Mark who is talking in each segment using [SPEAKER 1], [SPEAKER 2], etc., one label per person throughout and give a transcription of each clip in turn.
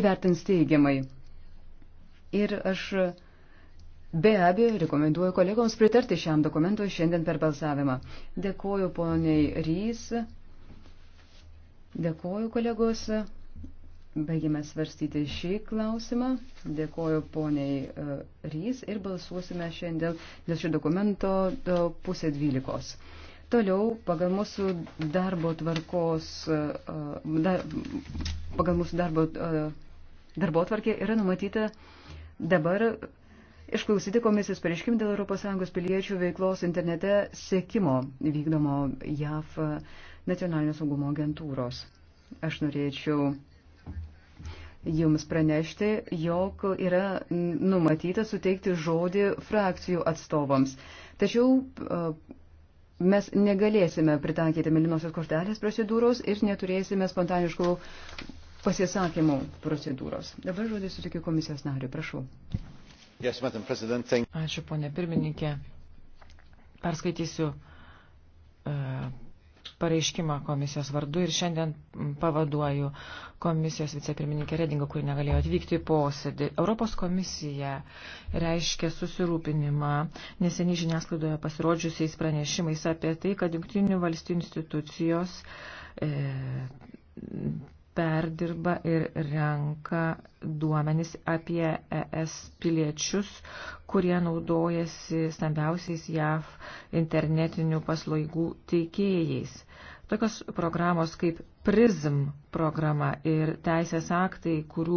[SPEAKER 1] įvertins teigiamai. Ir aš be abejo rekomenduoju kolegoms pritarti šiam dokumentui šiandien per balsavimą. Dėkoju poniai Rys, dėkoju kolegos, baigime svarstyti šį klausimą, dėkoju poniai e, Rys ir balsuosime šiandien dėl šio dokumento e, pusė dvylikos. Toliau pagal mūsų darbo tvarkos, e, e, dar, pagal mūsų darbo, e, darbo tvarkė yra numatyta dabar Išklausyti komisijos pareiškim dėl ES piliečių veiklos internete sėkimo vykdomo JAF nacionalinio saugumo agentūros. Aš norėčiau Jums pranešti, jog yra numatyta suteikti žodį frakcijų atstovams. Tačiau mes negalėsime pritaikyti melinosios kortelės procedūros ir neturėsime spontaniškų pasisakymų procedūros. Dabar žodį sutikiu komisijos nariu. Prašau.
[SPEAKER 2] Yes, Ačiū, ponė pirmininkė. Perskaitysiu. Uh, pareiškimą komisijos vardu ir šiandien pavaduoju komisijos vicepirmininkė Redingo, kuri negalėjo atvykti į posėdį. Europos komisija reiškia susirūpinimą neseniai žiniasklaidoje pasirodžiusiais pranešimais apie tai, kad jungtinių valstybių institucijos e, perdirba ir renka duomenis apie ES piliečius, kurie naudojasi stambiausiais JAV internetinių paslaugų teikėjais. Tokios programos kaip PRISM programa ir teisės aktai, kurių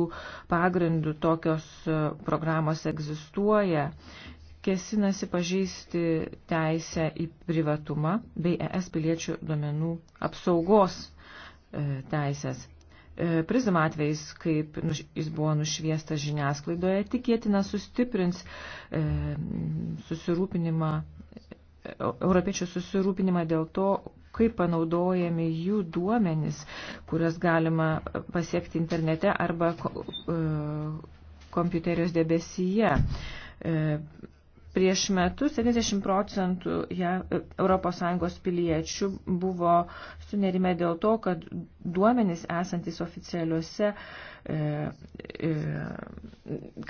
[SPEAKER 2] pagrindų tokios e, programos egzistuoja, kėsinasi pažeisti teisę į privatumą bei ES piliečių duomenų apsaugos e, teisės. E, Prizm atvejais, kaip jis buvo nušviestas žiniasklaidoje, tikėtina sustiprins susirūpinimą, europiečių susirūpinimą dėl to, kaip panaudojami jų duomenys, kurias galima pasiekti internete arba e, kompiuterijos debesyje e, Prieš metus 70 procentų ja, ES piliečių buvo sunerime dėl to, kad duomenys esantis oficialiuose, e, e,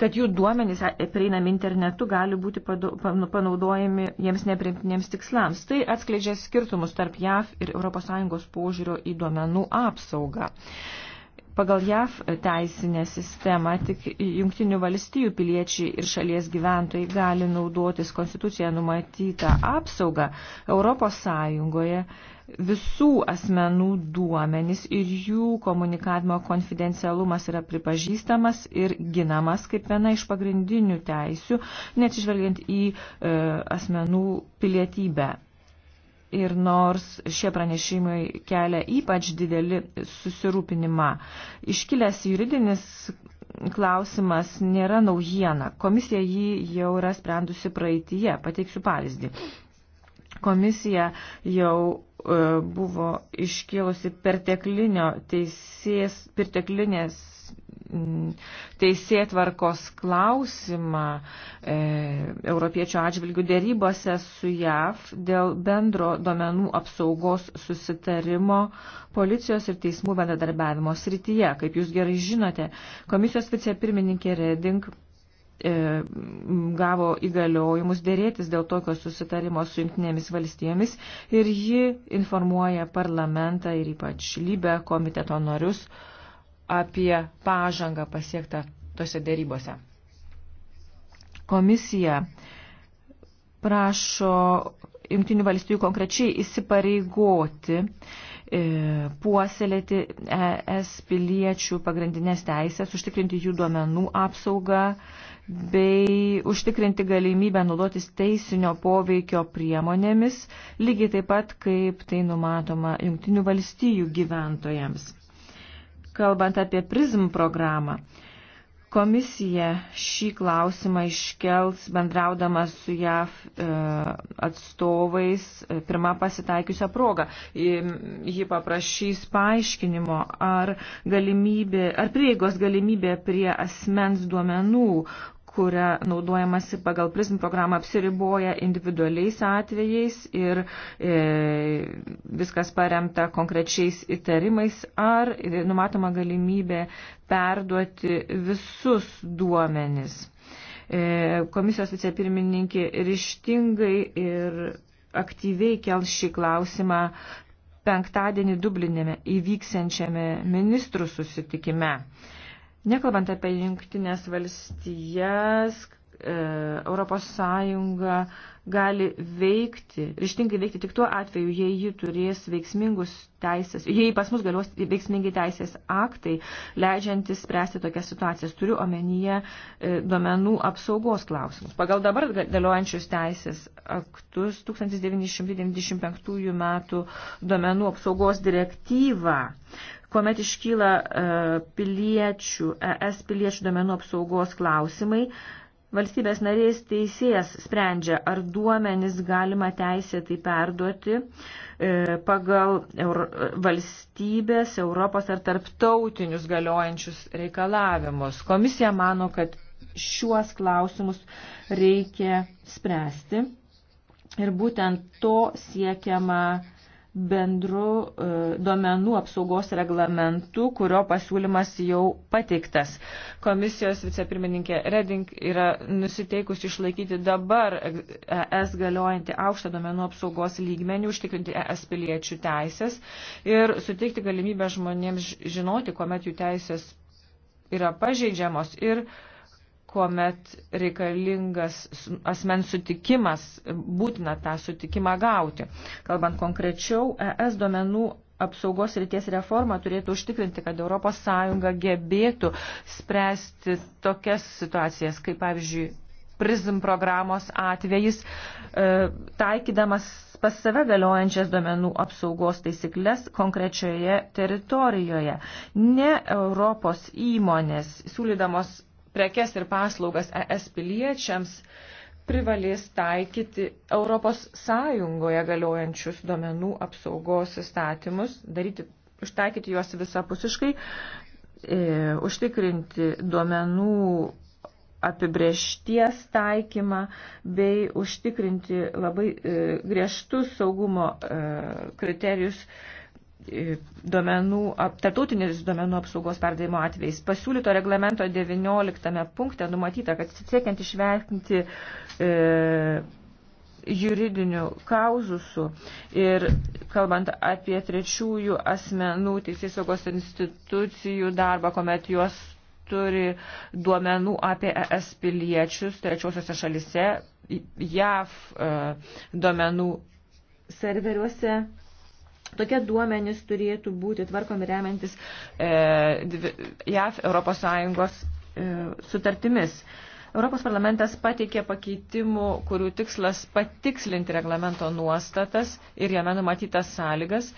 [SPEAKER 2] kad jų duomenys prieinami internetu gali būti padu, nu, panaudojami jiems neprimtinėms tikslams. Tai atskleidžia skirtumus tarp JAV ir ES požiūrio į duomenų apsaugą. E, Pagal JAV teisinę sistemą tik jungtinių valstijų piliečiai ir šalies gyventojai gali naudotis konstituciją numatytą apsaugą Europos Sąjungoje visų asmenų duomenys ir jų komunikavimo konfidencialumas yra pripažįstamas ir ginamas kaip viena iš pagrindinių teisių, neatsižvelgiant į e, asmenų pilietybę ir nors šie pranešimai kelia ypač didelį susirūpinimą. Iškilęs juridinis klausimas nėra naujiena. Komisija jį jau yra sprendusi praeitie. Pateiksiu pavyzdį. Komisija jau e, buvo iškilusi perteklinės teisėtvarkos klausimą e, europiečių atžvilgių dėrybose su JAV dėl bendro domenų apsaugos susitarimo policijos ir teismų bendradarbiavimo srityje. Kaip jūs gerai žinote, komisijos vicepirmininkė Reding e, gavo įgaliojimus dėrėtis dėl tokio susitarimo su jungtinėmis valstijomis ir ji informuoja parlamentą ir ypač lybę komiteto norius apie pažangą pasiektą tose dėrybose. Komisija prašo Junktinių valstybių konkrečiai įsipareigoti, e, puoselėti ES piliečių pagrindinės teisės, užtikrinti jų duomenų apsaugą bei užtikrinti galimybę naudotis teisinio poveikio priemonėmis, lygiai taip pat kaip tai numatoma Junktinių valstybių gyventojams kalbant apie PRISM programą. Komisija šį klausimą iškels bendraudama su JAV e, atstovais e, pirmą pasitaikiusią progą. Ji paprašys paaiškinimo, ar, galimybė, ar prieigos galimybė prie asmens duomenų, kuria naudojamasi pagal PRISM programą, apsiriboja individualiais atvejais ir e, viskas paremta konkrečiais įtarimais, ar numatoma galimybė perduoti visus duomenis. E, komisijos vicepirmininkė ryštingai ir aktyviai kels šį klausimą penktadienį Dublinėme įvyksiančiame ministrų susitikime. E, Nekalbant apie jungtinės valstijas, e, Europos Sąjunga gali veikti, ryštingai veikti tik tuo atveju, jei ji turės veiksmingus teisės, jei pas mus galios veiksmingi teisės aktai, leidžiantis spręsti tokias situacijas. Turiu omenyje e, duomenų apsaugos klausimus. Pagal dabar galiojančius teisės aktus 1995 metų duomenų apsaugos direktyvą kuomet iškyla e, piliečių, ES piliečių domenų apsaugos klausimai, valstybės narės teisėjas sprendžia, ar duomenis galima teisėtai perduoti e, pagal valstybės, Europos ar tarptautinius galiojančius reikalavimus. Komisija mano, kad šiuos klausimus reikia spręsti ir būtent to siekiama bendru e, duomenų apsaugos reglamentu, kurio pasiūlymas jau pateiktas. Komisijos vicepirmininkė Reding yra nusiteikusi išlaikyti dabar ES galiojantį aukštą duomenų apsaugos lygmenį, užtikrinti ES piliečių teisės ir suteikti galimybę žmonėms žinoti, kuomet jų teisės yra pažeidžiamos ir uh, kuomet reikalingas asmens sutikimas, būtina tą sutikimą gauti. Kalbant konkrečiau, ES duomenų apsaugos ryties reforma turėtų užtikrinti, kad ES gebėtų spręsti tokias situacijas, kaip pavyzdžiui, PRISM programos atvejais, e, taikydamas pas save galiojančias duomenų apsaugos taisyklės konkrečioje teritorijoje. Ne Europos įmonės, siūlydamos prekes ir paslaugas ES piliečiams privalės taikyti Europos Sąjungoje galiojančius duomenų apsaugos įstatymus, daryti, ištaikyti juos visapusiškai, e, užtikrinti duomenų apibriešties taikymą bei užtikrinti labai e, griežtus saugumo e, kriterijus E, duomenų, tarptautinės duomenų apsaugos perdavimo atvejais. Pasiūlyto reglamento 19 punkte numatyta, kad siekiant išvengti e, juridinių kauzusų ir kalbant apie trečiųjų asmenų teisėsaugos institucijų darbą, kuomet juos turi duomenų apie ES piliečius trečiosiuose šalise, JAV e, duomenų serveriuose Tokie duomenys turėtų būti tvarkomi remiantis e, JAF ES e, sutartimis. Europos parlamentas pateikė pakeitimų, kurių tikslas patikslinti reglamento nuostatas ir jame numatytas sąlygas,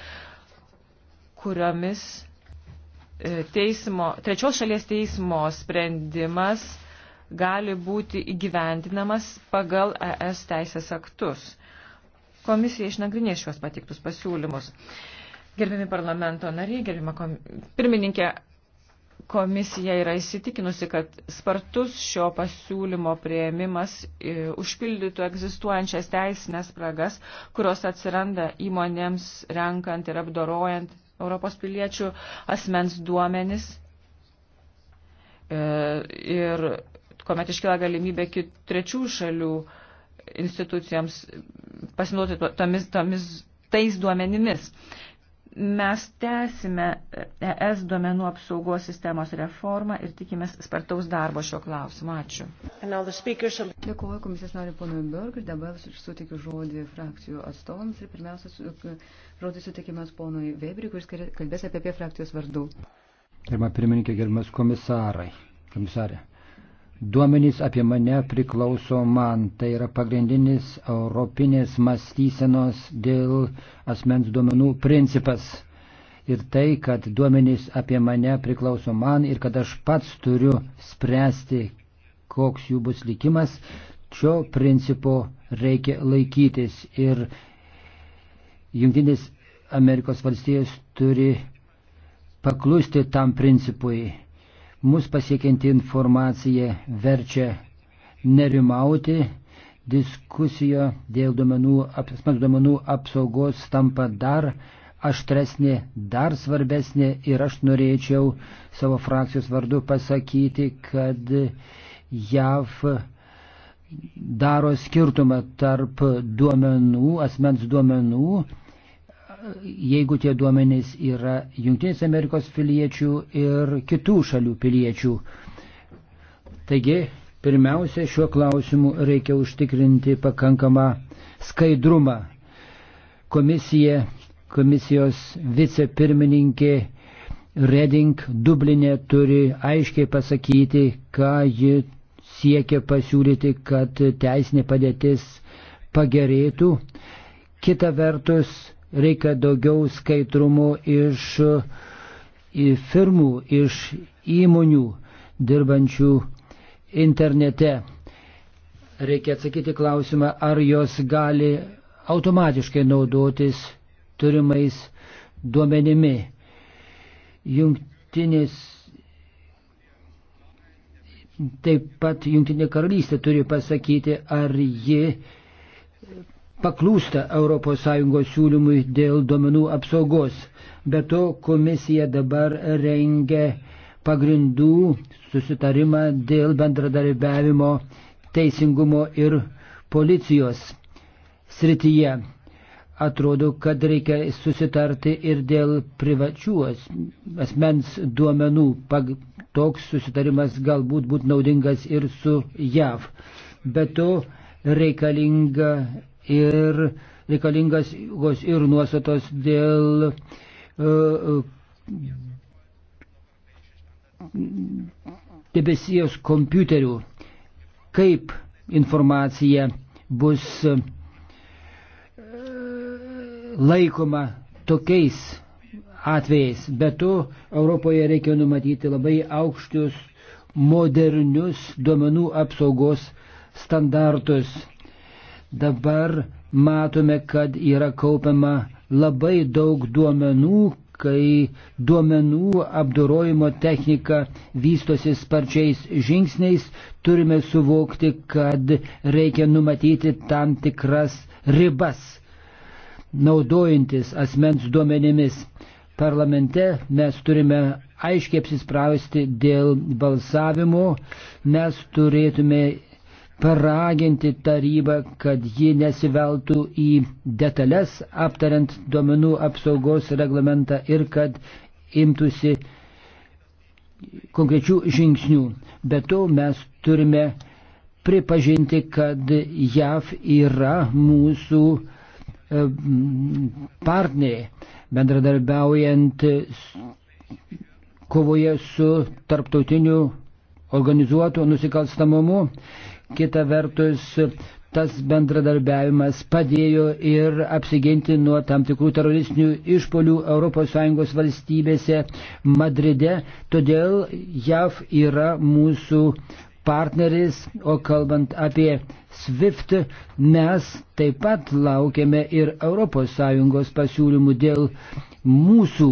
[SPEAKER 2] kuriomis e, teismo, trečios šalies teismo sprendimas gali būti įgyvendinamas pagal ES teisės aktus komisija išnagrinės šios patiktus pasiūlymus. Gerbiami parlamento nariai, gerbima kom... pirmininkė, komisija yra įsitikinusi, kad spartus šio pasiūlymo prieimimas e, užpildytų egzistuojančias teisinės spragas, kurios atsiranda įmonėms renkant ir apdorojant Europos piliečių asmens duomenis e, ir kuomet iškila galimybė trečių šalių institucijoms pasinaudoti tomis, tomis tais duomenimis. Mes tęsime ES duomenų apsaugos sistemos reformą ir tikimės spartaus darbo šio klausimu. Ačiū.
[SPEAKER 1] Are... Dėkuoju komisijos nariu ponui Berg ir dabar sutikiu žodį frakcijų atstovams ir pirmiausia žodį sutikimas ponui Weberiui, kuris kalbės apie, apie frakcijos vardų.
[SPEAKER 3] Gerbiamas pirmininkė, gerbiamas komisarai. Komisarė. Duomenys apie mane priklauso man. Tai yra pagrindinis europinės mąstysenos dėl asmens duomenų principas. Ir tai, kad duomenys apie mane priklauso man ir kad aš pats turiu spręsti, koks jų bus likimas, šio principo reikia laikytis. Ir Junktinės Amerikos valstijos turi paklusti tam principui. Mus pasiekianti informacija verčia nerimauti, diskusija dėl duomenų, asmens duomenų apsaugos tampa dar aštresnė, dar svarbesnė ir aš norėčiau savo frakcijos vardu pasakyti, kad JAV daro skirtumą tarp duomenų, asmens duomenų jeigu tie duomenys yra Junktinės Amerikos piliečių ir kitų šalių piliečių. Taigi, pirmiausia, šiuo klausimu reikia užtikrinti pakankamą skaidrumą. Komisija, komisijos vicepirmininkė Reding Dublinė turi aiškiai pasakyti, ką ji siekia pasiūlyti, kad teisinė padėtis pagerėtų. Kita vertus, reikia daugiau skaidrumo iš firmų, iš įmonių dirbančių internete. Reikia atsakyti klausimą, ar jos gali automatiškai naudotis turimais duomenimi. Jungtinės Taip pat Junktinė karalystė turi pasakyti, ar ji paklūsta ES siūlymui dėl duomenų apsaugos. Be to komisija dabar rengia pagrindų susitarimą dėl bendradarbiavimo teisingumo ir policijos srityje. Atrodo, kad reikia susitarti ir dėl privačių asmens duomenų. Toks susitarimas galbūt būtų naudingas ir su JAV. Be to reikalinga ir reikalingas ir nuostatos dėl e, e, debesijos kompiuterių, kaip informacija bus e, laikoma tokiais atvejais. Be to, Europoje reikia numatyti labai aukštus modernius duomenų apsaugos standartus. Dabar matome, kad yra kaupiama labai daug duomenų, kai duomenų apdorojimo technika vystosi sparčiais žingsniais, turime suvokti, kad reikia numatyti tam tikras ribas, naudojantis asmens duomenimis. Parlamente mes turime aiškiai apsisprausti dėl balsavimo, mes turėtume paraginti tarybą, kad ji nesiveltų į detalės aptariant duomenų apsaugos reglamentą ir kad imtųsi konkrečių žingsnių. Bet to mes turime pripažinti, kad JAV yra mūsų e, partneriai, bendradarbiaujant kovoje su tarptautiniu organizuotu nusikalstamumu Kita vertus, tas bendradarbiavimas padėjo ir apsiginti nuo tam tikrų teroristinių išpolių ES valstybėse Madride. Todėl JAV yra mūsų partneris, o kalbant apie SWIFT, mes taip pat laukiame ir ES pasiūlymų dėl mūsų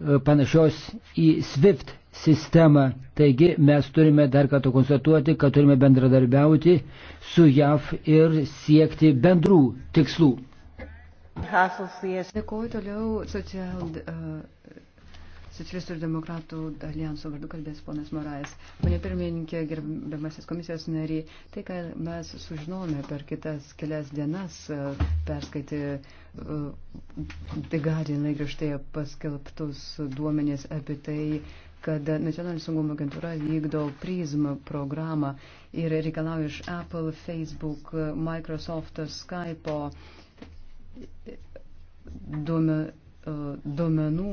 [SPEAKER 3] E, panašios į SWIFT sistemą. Taigi mes turime dar kartą konstatuoti, kad turime bendradarbiauti su JAV ir siekti bendrų tikslų.
[SPEAKER 1] Dėkuoju toliau social, uh, e, Socialistų ir demokratų alijanso vardu kalbės ponas Morais. Pone pirmininkė, gerbiamasis komisijos nariai, tai, ką mes sužinome per kitas kelias dienas, perskaitė e, The Guardian laikraštėje paskelbtus duomenys apie tai, kad nacionalinė saugumo agentūra vykdo PRISM programą ir reikalauja iš Apple, Facebook, Microsoft, Skype e, e, duomenų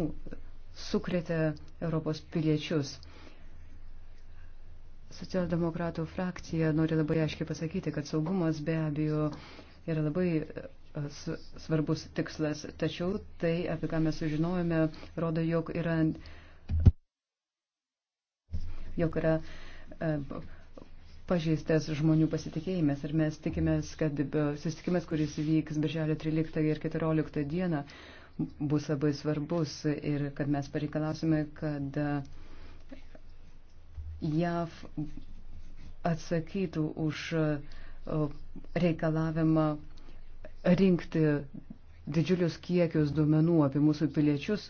[SPEAKER 1] sukrėtė Europos piliečius. Socialdemokratų frakcija nori labai aiškiai pasakyti, kad saugumas be abejo yra labai e, svarbus tikslas, tačiau tai, apie ką mes sužinojome, rodo, jog yra, jog yra e, pažeistas žmonių pasitikėjimas ir mes tikimės, kad e, susitikimas, kuris vyks birželio 13 ir 14 dieną, bus labai svarbus ir kad mes pareikalausime, kad JAV atsakytų už reikalavimą rinkti didžiulius kiekius duomenų apie mūsų piliečius,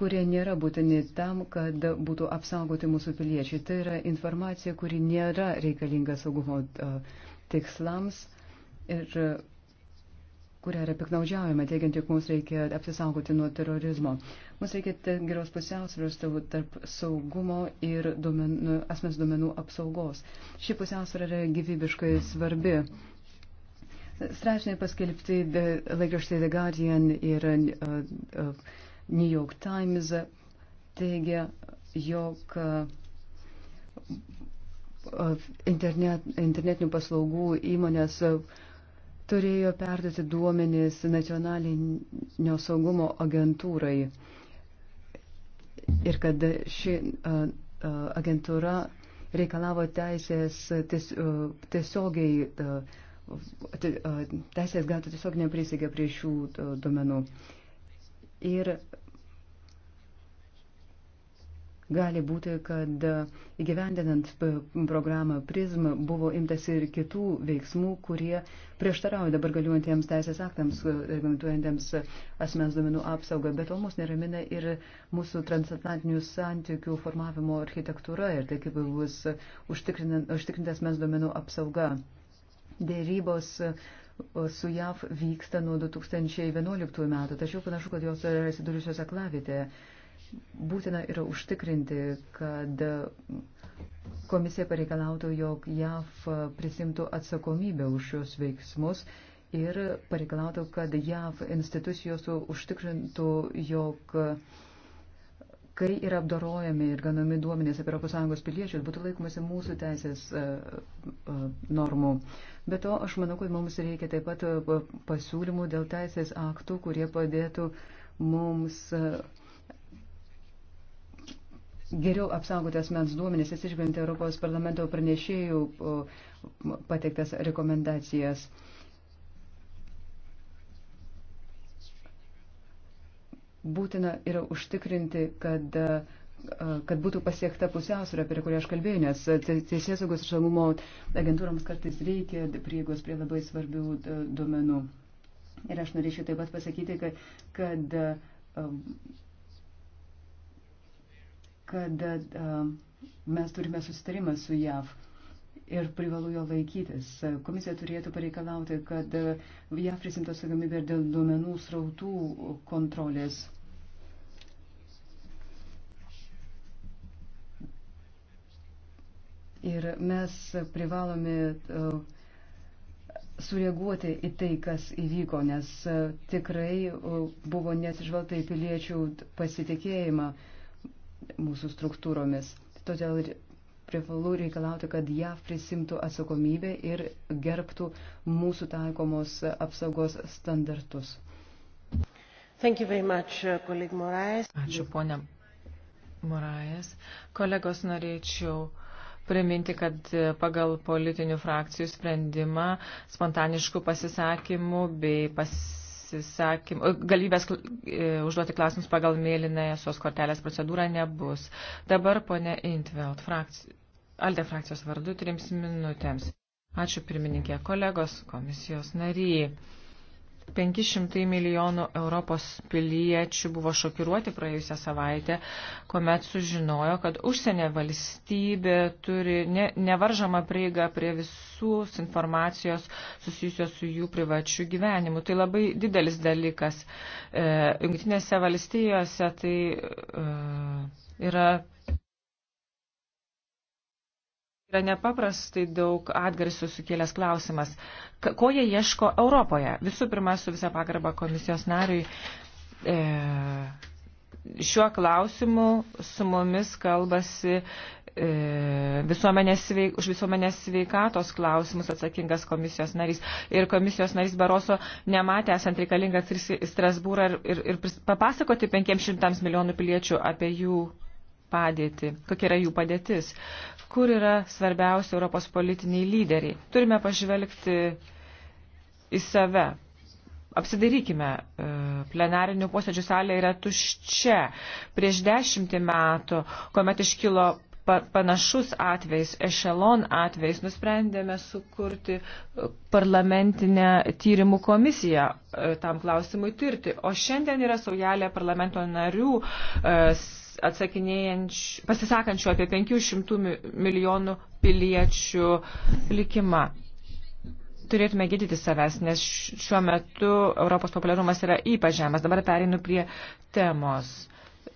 [SPEAKER 1] kurie nėra būtini tam, kad būtų apsaugoti mūsų piliečiai. Tai yra informacija, kuri nėra reikalinga saugumo tikslams. Ir kuria yra piknaudžiaujama, teigiant, jog mums reikia apsisaugoti nuo terorizmo. Mums reikia geros pusiausvėros tarp saugumo ir duomenų, nu, asmens duomenų apsaugos. Ši pusiausvėra yra gyvybiškai svarbi. Straipsniai paskelbti laikraštį The Guardian ir uh, uh, New York Times teigia, jog uh, internet, internetinių paslaugų įmonės uh, turėjo perduoti duomenys nacionalinio saugumo agentūrai ir kad ši agentūra reikalavo teisės ties, tiesiogiai, teisės gauti tiesioginę prisigę prie šių duomenų. Ir Gali būti, kad įgyvendinant programą PRISM buvo imtasi ir kitų veiksmų, kurie prieštarauja dabar galiuojantiems teisės aktams, e, reglamentuojantiems asmens duomenų apsaugą, bet o mus neramina ir mūsų transatlantinių santykių formavimo architektūra ir tai, kaip bus užtikrinta asmens duomenų apsauga. Dėrybos e, su JAV vyksta nuo 2011 metų, tačiau panašu, kad jos yra įsidūrusios aklavitėje būtina yra užtikrinti, kad komisija pareikalautų, jog JAV prisimtų atsakomybę už šios veiksmus ir pareikalautų, kad JAV institucijos užtikrintų, jog kai yra apdorojami ir ganami duomenys apie ES piliečius, būtų laikomasi mūsų teisės e, e, normų. Be to, aš manau, kad mums reikia taip pat e, pasiūlymų dėl teisės aktų, kurie padėtų mums geriau apsaugoti asmens duomenys, atsižvelgiant Europos parlamento pranešėjų pateiktas rekomendacijas. Būtina yra užtikrinti, kad, kad būtų pasiekta pusiausvėra, apie kurią aš kalbėjau, nes Teisėsaugos ir saugumo agentūrams kartais reikia prieigos prie labai svarbių duomenų. Ir aš norėčiau taip pat pasakyti, kad, kad kad mes turime susitarimą su JAV ir privalu jo laikytis. Komisija turėtų pareikalauti, kad JAV prisimtų atsakomybę ir dėl duomenų srautų kontrolės. Ir mes privalome sureaguoti į tai, kas įvyko, nes tikrai buvo nesižvelgta į piliečių pasitikėjimą mūsų struktūromis. Todėl privalu reikalauti, kad JAV prisimtų atsakomybę ir gerbtų mūsų taikomos apsaugos standartus.
[SPEAKER 2] Much, uh, Ačiū,
[SPEAKER 1] ponė Morais. Kolegos, norėčiau
[SPEAKER 2] priminti, kad e, pagal politinių frakcijų sprendimą spontaniškų pasisakymų bei pasisakymų pasisakymų, galybės e, užduoti klausimus pagal mėlynąją sos kortelės procedūrą nebus. Dabar ponė Intveld, frakci... Alde frakcijos vardu, trims minutėms. Ačiū pirmininkė, kolegos, komisijos nariai. 500 milijonų Europos piliečių buvo šokiruoti praėjusią savaitę, kuomet sužinojo, kad užsienė valstybė turi ne, nevaržamą prieigą prie visus informacijos susijusios su jų privačiu gyvenimu. Tai labai didelis dalykas. E, Junktinėse valstijose tai e, yra yra nepaprastai daug atgarsių sukėlęs klausimas. Ko jie ieško Europoje? Visų pirma, su visa pagarba komisijos nariui. E, šiuo klausimu su mumis kalbasi e, visuomenės sveik, už visuomenės sveikatos klausimus atsakingas komisijos narys. Ir komisijos narys Baroso nematė esant reikalingas ir Strasbūrą ir, ir, ir papasakoti 500 milijonų piliečių apie jų padėtį, kokia yra jų padėtis kur yra svarbiausi Europos politiniai lyderiai. Turime pažvelgti į save. Apsidarykime, e, plenarinių posėdžių salė yra tuščia. Prieš dešimtį metų, kuomet iškilo panašus atvejs, ešelon atvejs, nusprendėme sukurti e, parlamentinę tyrimų komisiją e, tam klausimui tirti. O šiandien yra saujelė parlamento narių pasisakančių apie 500 milijonų piliečių likimą. Turėtume gydyti savęs, nes šiuo metu Europos populiarumas yra ypač žemas. Dabar pereinu prie temos.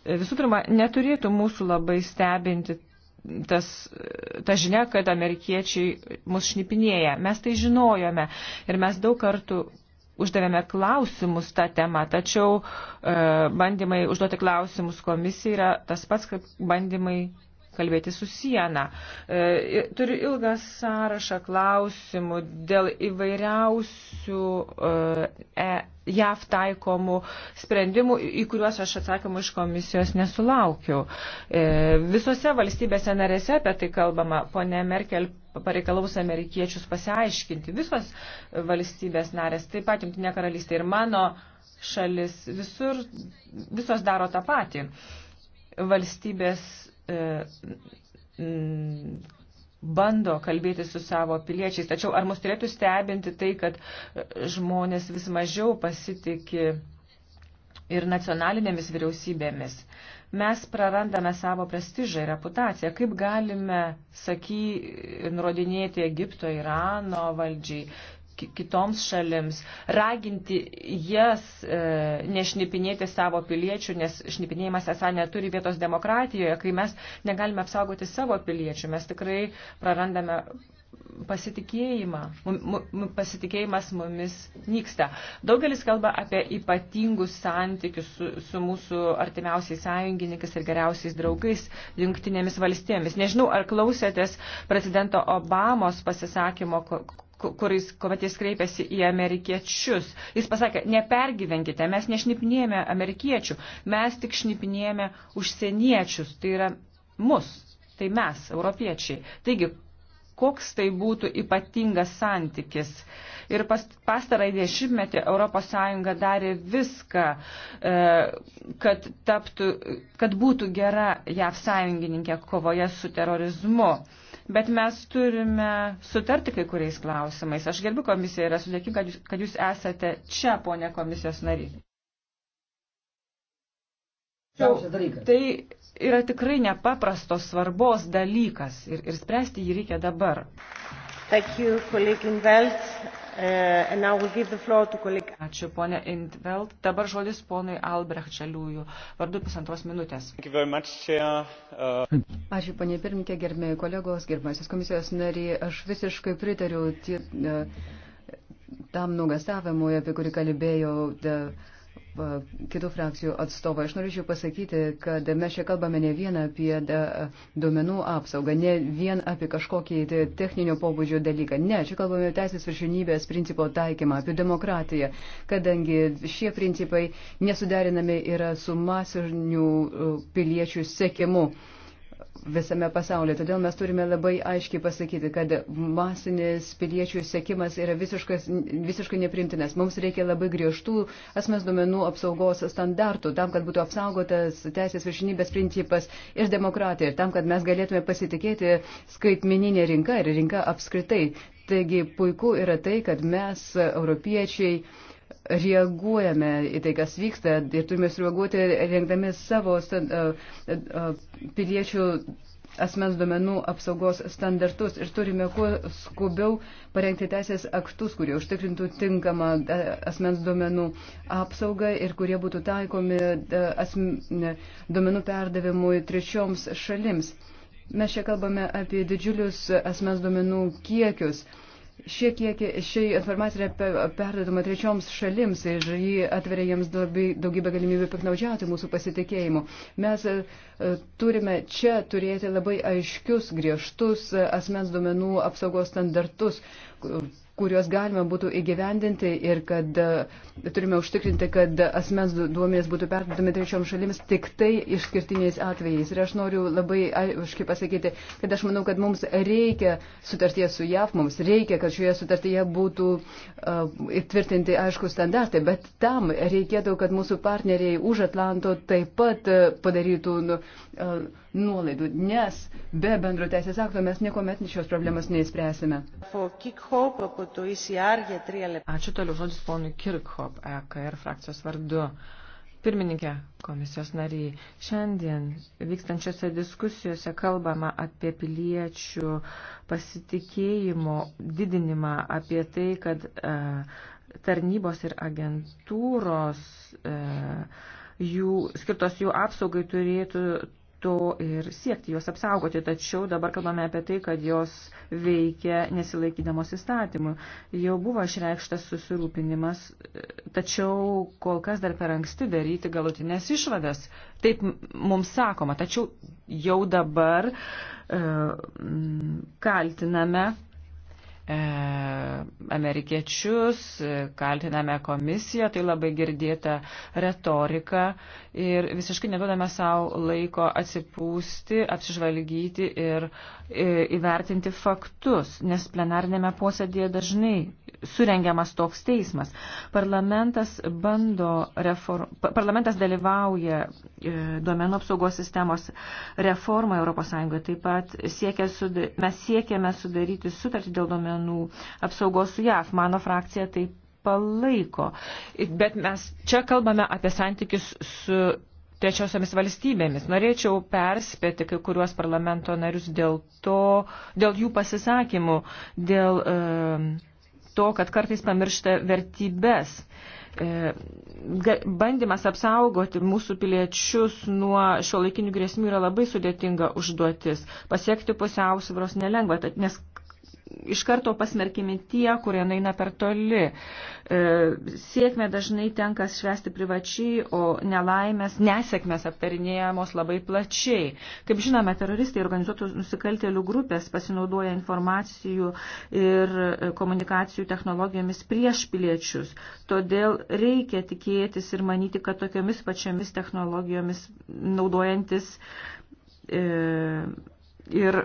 [SPEAKER 2] Visų pirma, neturėtų mūsų labai stebinti tas, ta žinia, kad amerikiečiai mus šnipinėja. Mes tai žinojome ir mes daug kartų uždavėme klausimus tą temą, tačiau e, bandymai užduoti klausimus komisijai yra tas pats, kaip bandymai kalbėti su siena. E, turiu ilgą sąrašą klausimų dėl įvairiausių e, e, JAV taikomų sprendimų, į kuriuos aš atsakymų iš komisijos nesulaukiu. Visose valstybėse narėse apie tai kalbama, ponė Merkel pareikalaus amerikiečius pasiaiškinti. Visos valstybės narės, taip pat jungtinė karalystė ir mano šalis, visur, visos daro tą patį. Valstybės E, bando kalbėti su savo piliečiais. Tačiau ar mus turėtų stebinti tai, kad žmonės vis mažiau pasitiki ir nacionalinėmis vyriausybėmis? Mes prarandame savo prestižą ir reputaciją. Kaip galime, saky, nurodinėti Egipto, Irano valdžiai, kitoms šalims, raginti jas e, nešnipinėti savo piliečių, nes šnipinėjimas esą neturi vietos demokratijoje, kai mes negalime apsaugoti savo piliečių, mes tikrai prarandame pasitikėjimą. Mum, mum, pasitikėjimas mumis nyksta. Daugelis kalba apie ypatingus santykius su, su mūsų artimiausiais sąjungininkais ir geriausiais draugais jungtinėmis valstybėmis. Nežinau, ar klausėtės prezidento Obamos pasisakymo, kuris, kuomet jis kreipėsi į amerikiečius. Jis pasakė, nepergyvenkite, mes nešnipinėjame amerikiečių, mes tik šnipinėjame užsieniečius, tai yra mus, tai mes, europiečiai. Taigi, koks tai būtų ypatingas santykis. Ir pas, pastarąjį dešimtmetį ES darė viską, e, kad, taptų, kad būtų gera JAV sąjungininkė kovoje su terorizmu. E, bet mes turime sutarti kai kuriais klausimais. Aš gerbiu komisiją ir esu dėkinga, kad, jūs, kad jūs esate čia, ponė komisijos nariai. Tai yra tikrai nepaprastos svarbos dalykas ir, ir spręsti jį reikia dabar. Thank you, Eh, Ačiū, ponė Intveld. Dabar žodis ponui Albrecht Žaliųjų. Vardu pusantros minutės. Much, uh...
[SPEAKER 1] Ačiū, ponė pirmininkė, gerbėjai kolegos, gerbėjusios komisijos nariai. Aš visiškai pritariu tie, uh, tam nugastavimui, apie kurį kalbėjo. Uh, kitų frakcijų atstovai. Aš norėčiau pasakyti, kad mes čia kalbame ne vien apie duomenų apsaugą, ne vien apie kažkokį techninio pobūdžio dalyką. Ne, čia kalbame apie teisės viršinybės principo taikymą, apie demokratiją, kadangi šie principai nesuderinami yra su masinių piliečių sekimu visame pasaulyje. Todėl mes turime labai aiškiai pasakyti, kad masinis piliečių sėkimas yra visiškas, visiškai neprimtinas. Mums reikia labai griežtų asmens duomenų apsaugos standartų, tam, kad būtų apsaugotas teisės viršinybės principas ir demokratija, ir tam, kad mes galėtume pasitikėti skaitmininė rinka ir rinka apskritai. Taigi puiku yra tai, kad mes, europiečiai, reaguojame į tai, kas vyksta ir turime sureaguoti rengdami savo piliečių asmens duomenų apsaugos standartus ir turime kuo skubiau parengti teisės aktus, kurie užtikrintų tinkamą asmens duomenų apsaugą ir kurie būtų taikomi asmen, duomenų perdavimui trečioms šalims. Mes čia kalbame apie didžiulius asmens duomenų kiekius Šie kiekiai, ši informacija yra perdodama trečioms šalims ir ji atveria jiems daugybę galimybių piknaudžiauti mūsų pasitikėjimu. Mes e, e, turime čia turėti labai aiškius, griežtus e, asmens duomenų apsaugos standartus, kuriuos galima būtų įgyvendinti ir kad e, turime užtikrinti, kad asmens duomenys būtų perduodami trečiom šalims tik tai išskirtiniais atvejais. Ir aš noriu labai aiškiai pasakyti, kad aš manau, kad mums reikia sutarties su JAV, mums reikia, kad šioje sutartyje būtų uh, įtvirtinti aišku standartai, bet tam reikėtų, kad mūsų partneriai už Atlanto taip pat e, padarytų. Uh, nuolaidų, nes be bendro teisės akto mes niekuomet šios problemas neįspręsime.
[SPEAKER 2] E Ačiū toliau žodis ponui Kirkhop, EKR frakcijos vardu. Pirmininkė, komisijos nariai, šiandien vykstančiose diskusijose kalbama apie piliečių pasitikėjimo didinimą, apie tai, kad e, tarnybos ir agentūros, e, jų, skirtos jų apsaugai turėtų to ir siekti juos apsaugoti, tačiau dabar kalbame apie tai, kad jos veikia nesilaikydamos įstatymų. Jau buvo išreikštas susirūpinimas, tačiau kol kas dar per anksti daryti galutinės išvadas. Taip mums sakoma, tačiau jau dabar e, kaltiname E, amerikiečius, e, kaltiname komisiją, tai labai girdėta retorika ir visiškai neduodame savo laiko atsipūsti, apsižvalgyti ir e, įvertinti faktus, nes plenarinėme posėdėje dažnai surengiamas toks teismas. Parlamentas, bando reform... Parlamentas dalyvauja E, duomenų apsaugos sistemos reformą ES. Taip pat siekia sudaryti, mes siekiame sudaryti sutartį dėl duomenų apsaugos su JAF. Mano frakcija tai palaiko. Bet mes čia kalbame apie santykius su trečiosiomis valstybėmis. Norėčiau perspėti kai kuriuos parlamento narius dėl, to, dėl jų pasisakymų, dėl e, to, kad kartais pamiršta vertybės. E, E, bandymas apsaugoti mūsų piliečius nuo šio laikinių grėsmių yra labai sudėtinga užduotis. Pasiekti pusiausvyros nelengva, nes iš karto pasmerkimi tie, kurie eina per toli. E, sėkmė dažnai tenka švesti privačiai, o nelaimės, nesėkmės aptarinėjamos labai plačiai. Kaip žinome, teroristai organizuotų nusikaltėlių grupės pasinaudoja informacijų ir e, komunikacijų technologijomis prieš piliečius. Todėl reikia tikėtis ir manyti, kad tokiomis pačiomis technologijomis naudojantis e, ir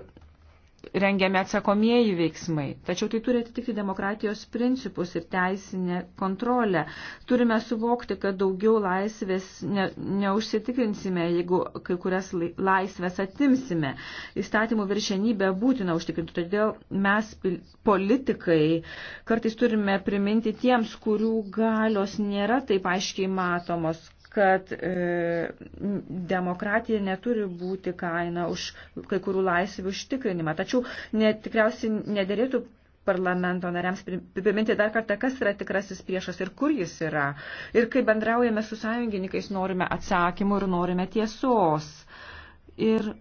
[SPEAKER 2] rengiami atsakomieji veiksmai. Tačiau tai turi atitikti demokratijos principus ir teisinę kontrolę. Turime suvokti, kad daugiau laisvės ne, neužsitikrinsime, jeigu kai kurias laisvės atimsime. Įstatymų viršenybę būtina užtikrinti. Todėl mes, politikai, kartais turime priminti tiems, kurių galios nėra taip aiškiai matomos, kad e, demokratija neturi būti kaina už kai kurių laisvių užtikrinimą. Tačiau net, tikriausiai nederėtų parlamento nariams priminti dar kartą, kas yra tikrasis priešas ir kur jis yra. Ir kai bendraujame su sąjungininkais, norime atsakymų ir norime tiesos. Ir e,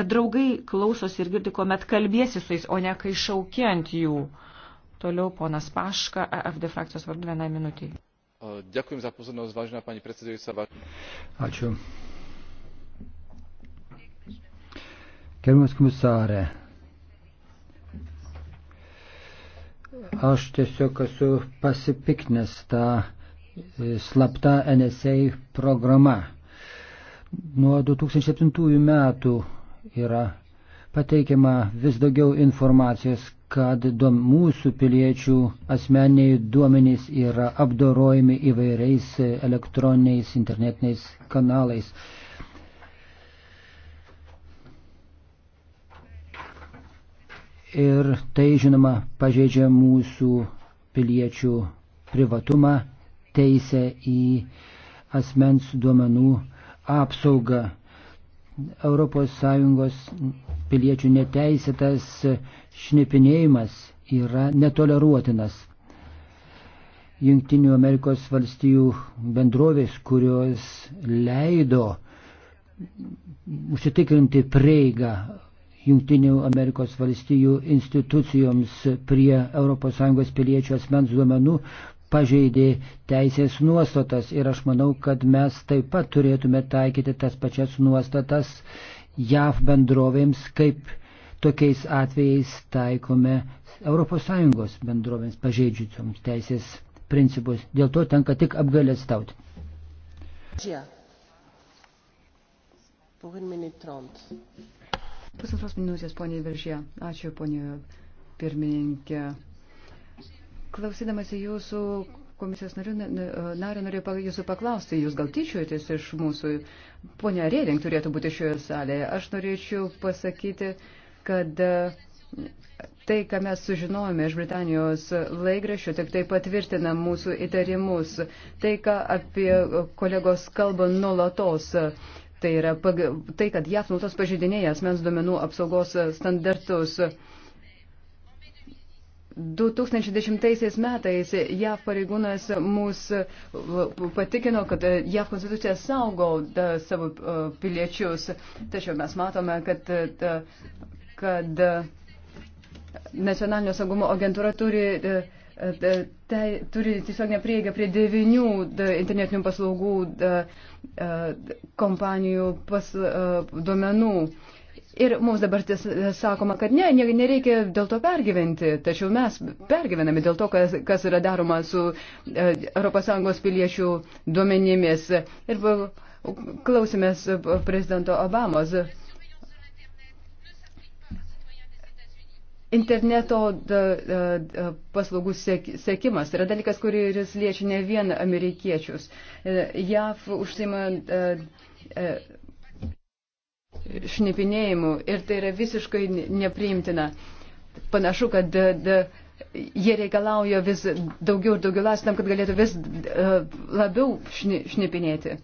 [SPEAKER 2] Bet draugai klausosi ir girdi, kuomet kalbėsi su jais, o ne kai šaukiant jų. Toliau ponas Paška, AFD frakcijos vardu vienai minutiai
[SPEAKER 1] ďakujem za pozornosť vážená pani predsedajúca.
[SPEAKER 3] ačiū. Gerbiamas komisarė, aš tiesiog esu pasipiknęs tą e, slaptą NSA programą. Nuo 2007 metų yra pateikiama vis daugiau informacijos, kad mūsų piliečių asmeniai duomenys yra apdorojami įvairiais elektroniniais internetiniais kanalais. Ir tai, žinoma, pažeidžia mūsų piliečių privatumą, teisę į asmens duomenų apsaugą. ES piliečių neteisėtas šnipinėjimas yra netoleruotinas. Junktinių Amerikos valstijų bendrovės, kurios leido užsitikrinti prieigą Junktinių Amerikos valstijų institucijoms prie ES piliečių asmens duomenų, pažeidė teisės nuostatas ir aš manau, kad mes taip pat turėtume taikyti tas pačias nuostatas JAV bendrovėms kaip tokiais atvejais taikome ES bendrovėms pažeidžiusioms teisės principus. Dėl to tenka tik apgalės stauti.
[SPEAKER 1] Pusantros minutės, ponė Viržė. Ačiū, ponė pirmininkė. Klausydamasi jūsų komisijos narių, narių norėjau jūsų paklausti, jūs gal tyčiojatės iš mūsų, ponia Rėling turėtų būti šioje salėje. Aš norėčiau pasakyti, uh, kad e, tai, ką mes sužinojome iš Britanijos laikraščių, tik tai patvirtina mūsų įtarimus. Tai, ką apie kolegos kalba nulatos. Tai yra tai, kad JAF nuolatos pažydinėja asmens duomenų apsaugos standartus. 2010 metais JAV pareigūnas mus patikino, kad JAV konstitucija saugo da, e, savo e, piliečius, tačiau mes matome, kad da, kad e, nacionalinio saugumo agentūra turi, tai, turi tiesiog neprieigą prie devinių internetinių paslaugų kompanijų pas, duomenų. Ir mums dabar ties, sakoma, kad ne, nereikia dėl to pergyventi, tačiau mes pergyvename dėl to, kas, kas yra daroma su ES piliečių duomenimis. Ir klausimės prezidento Obamos. Interneto da, da, paslaugų sekimas yra dalykas, kuris liečia ne vien amerikiečius. E, JAV užsima e, e, šnipinėjimu ir tai yra visiškai nepriimtina. Panašu, kad da, da, jie reikalauja vis daugiau ir daugiau lasų tam, kad galėtų vis labiau šni, šnipinėti.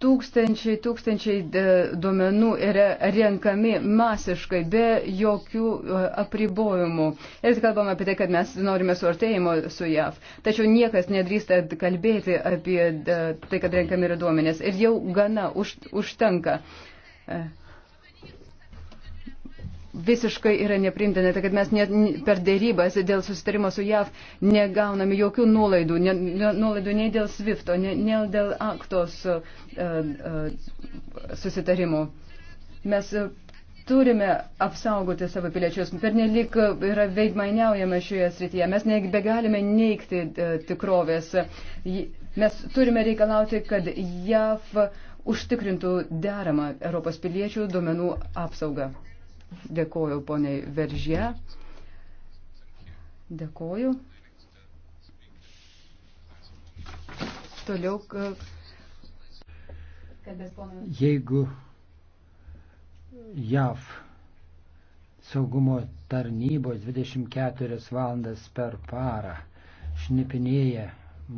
[SPEAKER 1] Tūkstančiai, tūkstančiai e, duomenų yra renkami masiškai be jokių e, apribojimų. Ir kalbam apie tai, kad mes norime suartėjimo su JAV. Tačiau niekas nedrįsta kalbėti apie e, tai, kad renkami yra duomenės. Ir jau gana už, užtenka visiškai yra neprimtina, tai kad mes net per dėrybas dėl susitarimo su JAV negauname jokių nuolaidų, ne, nuolaidų nei dėl SWIFTO, nei, nei dėl aktos, E, e, susitarimų. Mes turime apsaugoti savo piliečius. Pernelik yra veidmainiaujama šioje srityje. Mes nebegalime neikti e, tikrovės. Mes turime reikalauti, kad JAV užtikrintų deramą Europos piliečių duomenų apsaugą. Dėkoju poniai Veržė. Dėkoju. Toliau.
[SPEAKER 3] Jeigu JAV saugumo tarnybos 24 valandas per parą šnipinėja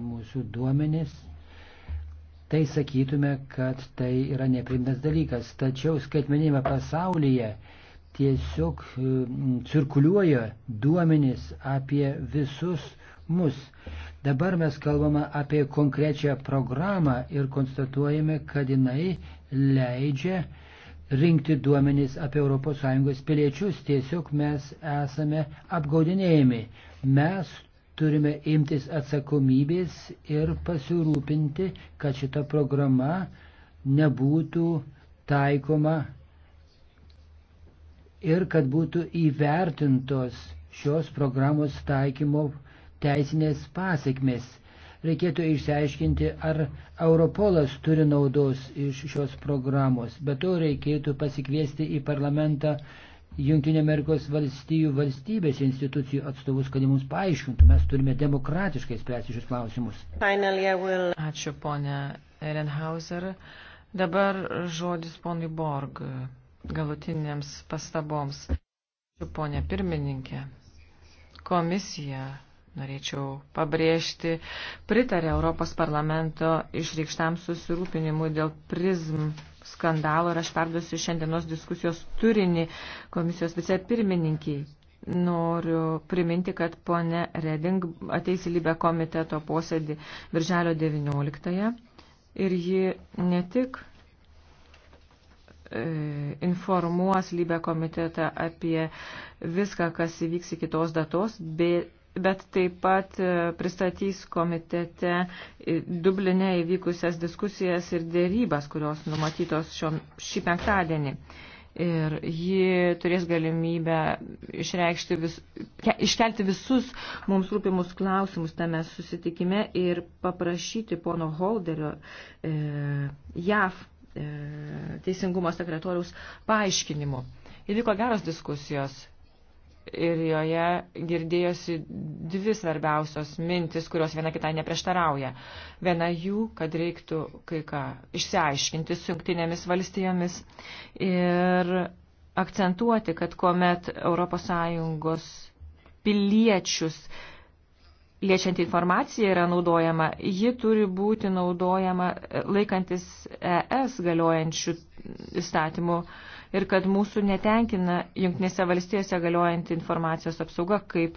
[SPEAKER 3] mūsų duomenis, tai sakytume, kad tai yra neprimtas dalykas. Tačiau skaitmeninėme pasaulyje tiesiog mm, cirkuliuoja duomenis apie visus mus. Dabar mes kalbame apie konkrečią programą ir konstatuojame, kad jinai leidžia rinkti duomenys apie ES piliečius. Tiesiog mes esame apgaudinėjami. Mes turime imtis atsakomybės ir pasirūpinti, kad šita programa nebūtų taikoma ir kad būtų įvertintos šios programos taikymo teisinės pasiekmes. Reikėtų išsiaiškinti, ar Europolas turi naudos iš šios programos. Be to reikėtų pasikviesti į parlamentą Junktinė Amerikos valstijų valstybės institucijų atstovus, kad mums paaiškintų, mes turime demokratiškai spręsti šius klausimus.
[SPEAKER 2] Finally, will... Ačiū, ponė Erenhauser. Dabar žodis ponui Borg galutinėms pastaboms. Ačiū, ponė pirmininkė. Komisija norėčiau pabrėžti, pritarė Europos parlamento išreikštam susirūpinimui dėl prizm skandalo ir aš perduosiu šiandienos diskusijos turinį komisijos vicepirmininkiai. Noriu priminti, kad ponė Reding ateis į Libę komiteto posėdį birželio 19 ir ji ne tik e, informuos Libę komitetą apie viską, kas įvyks iki tos datos, bet bet taip pat e, pristatys komitete e, Dubline įvykusias diskusijas ir dėrybas, kurios numatytos šio, šį penktadienį. Ir ji turės galimybę išreikšti vis, ke, iškelti visus mums rūpimus klausimus tame susitikime ir paprašyti pono Holderio e, JAV e, teisingumo sekretoriaus paaiškinimu. Įvyko geros diskusijos ir joje girdėjosi dvi svarbiausios mintis, kurios viena kitai neprieštarauja. Viena jų, kad reiktų kai ką išsiaiškinti su jungtinėmis valstijomis ir akcentuoti, kad kuomet ES piliečius liečianti informacija yra naudojama, ji turi būti naudojama laikantis ES galiojančių įstatymų ir kad mūsų netenkina jungtinėse valstijose galiojanti informacijos apsauga, kaip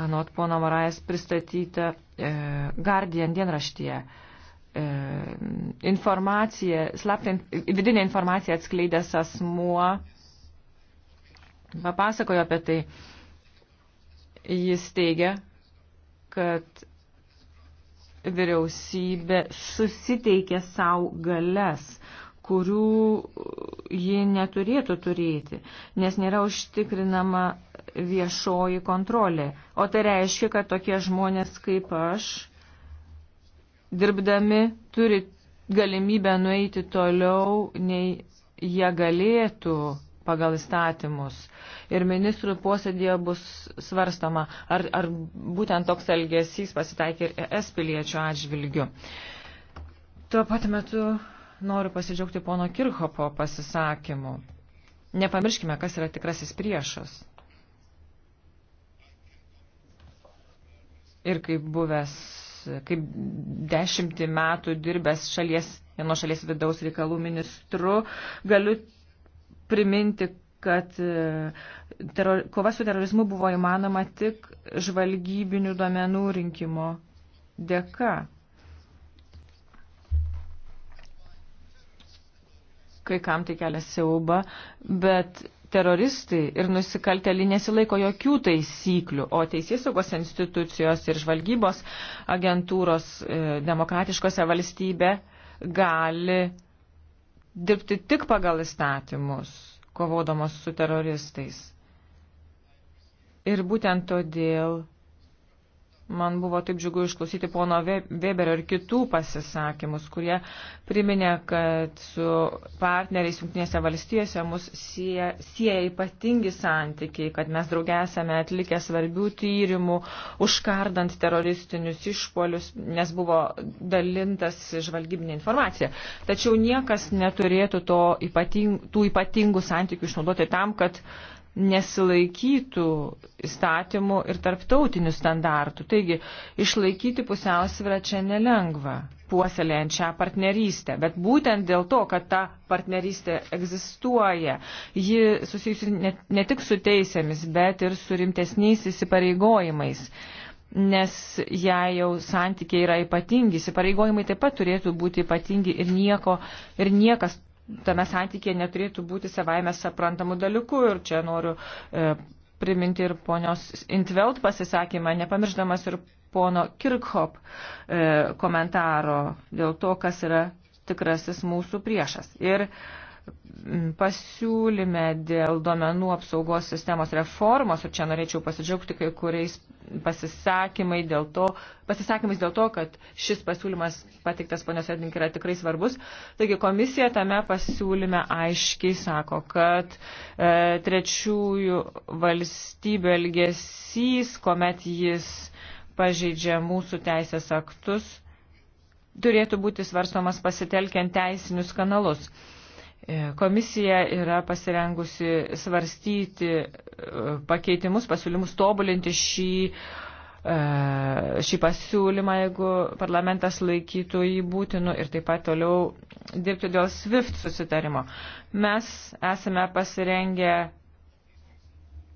[SPEAKER 2] anot pono Morajas pristatyta e, Guardian dienraštyje. E, informacija, slaptin, vidinė informacija atskleidęs asmuo papasakojo apie tai. Jis teigia, kad vyriausybė susiteikė savo galės kurių ji neturėtų turėti, nes nėra užtikrinama viešoji kontrolė. O tai reiškia, kad tokie žmonės kaip aš, dirbdami, turi galimybę nueiti toliau, nei jie galėtų pagal įstatymus. Ir ministrų posėdėje bus svarstama, ar, ar būtent toks elgesys pasitaikė ir ES piliečių atžvilgiu. Tuo pat metu noriu pasidžiaugti pono Kirchopo pasisakymu. Nepamirškime, kas yra tikrasis priešas. Ir kaip buvęs, kaip dešimtį metų dirbęs šalies, vienos šalies vidaus reikalų ministru, galiu priminti, kad e, teror, kova su terorizmu buvo įmanoma tik žvalgybinių duomenų rinkimo dėka. kai kam tai kelia siaubą, bet teroristai ir nusikalteliai nesilaiko jokių taisyklių, o teisėsaugos institucijos ir žvalgybos agentūros e, demokratiškose valstybė gali dirbti tik pagal įstatymus, kovodamos su teroristais. Ir būtent todėl Man buvo taip džiugu išklausyti pono Weberio ir kitų pasisakymus, kurie priminė, kad su partneriais Junktinėse valstijose mus sieja, sieja ypatingi santykiai, kad mes drauge esame atlikę svarbių tyrimų, užkardant teroristinius išpolius, nes buvo dalintas žvalgybinė informacija. Tačiau niekas neturėtų to ypating, tų ypatingų santykių išnaudoti tam, kad nesilaikytų įstatymų ir tarptautinių standartų. Taigi, išlaikyti pusiausvyrą čia nelengva, puoselėjant šią partnerystę. Bet būtent dėl to, kad ta partnerystė egzistuoja, ji susijusi ne, ne tik su teisėmis, bet ir su rimtesniais įsipareigojimais. Nes jei jau santykiai yra ypatingi, įsipareigojimai taip pat turėtų būti ypatingi ir, nieko, ir niekas tame santykėje neturėtų būti savaime saprantamų dalykų ir čia noriu e, priminti ir ponios Intveld pasisakymą, nepamiršdamas ir pono Kirkhop e, komentaro dėl to, kas yra tikrasis mūsų priešas. Ir e, pasiūlyme dėl duomenų apsaugos sistemos reformos, ir čia norėčiau pasidžiaugti kai kuriais pasisakymai dėl to, pasisakymais dėl to, kad šis pasiūlymas patiktas ponios Edink yra tikrai svarbus. Taigi komisija tame pasiūlyme aiškiai sako, kad e, trečiųjų valstybių elgesys, kuomet jis pažeidžia mūsų teisės aktus, turėtų būti svarstomas pasitelkiant teisinius kanalus. E, komisija yra pasirengusi svarstyti e, pakeitimus, pasiūlymus tobulinti šį, e, šį pasiūlymą, jeigu parlamentas laikytų jį būtinu ir taip pat toliau dirbti dėl SWIFT susitarimo. Mes esame pasirengę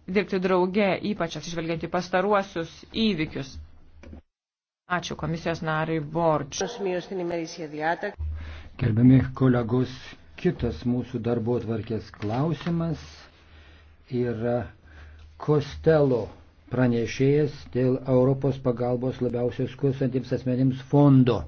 [SPEAKER 2] dirbti drauge, ypač atsižvelgiant į pastaruosius įvykius. Ačiū komisijos nariui Borč.
[SPEAKER 3] Gerbiami kolegos, Kitas mūsų darbo tvarkės klausimas yra Kostelo pranešėjas dėl Europos pagalbos labiausiai skusantiems asmenims fondo.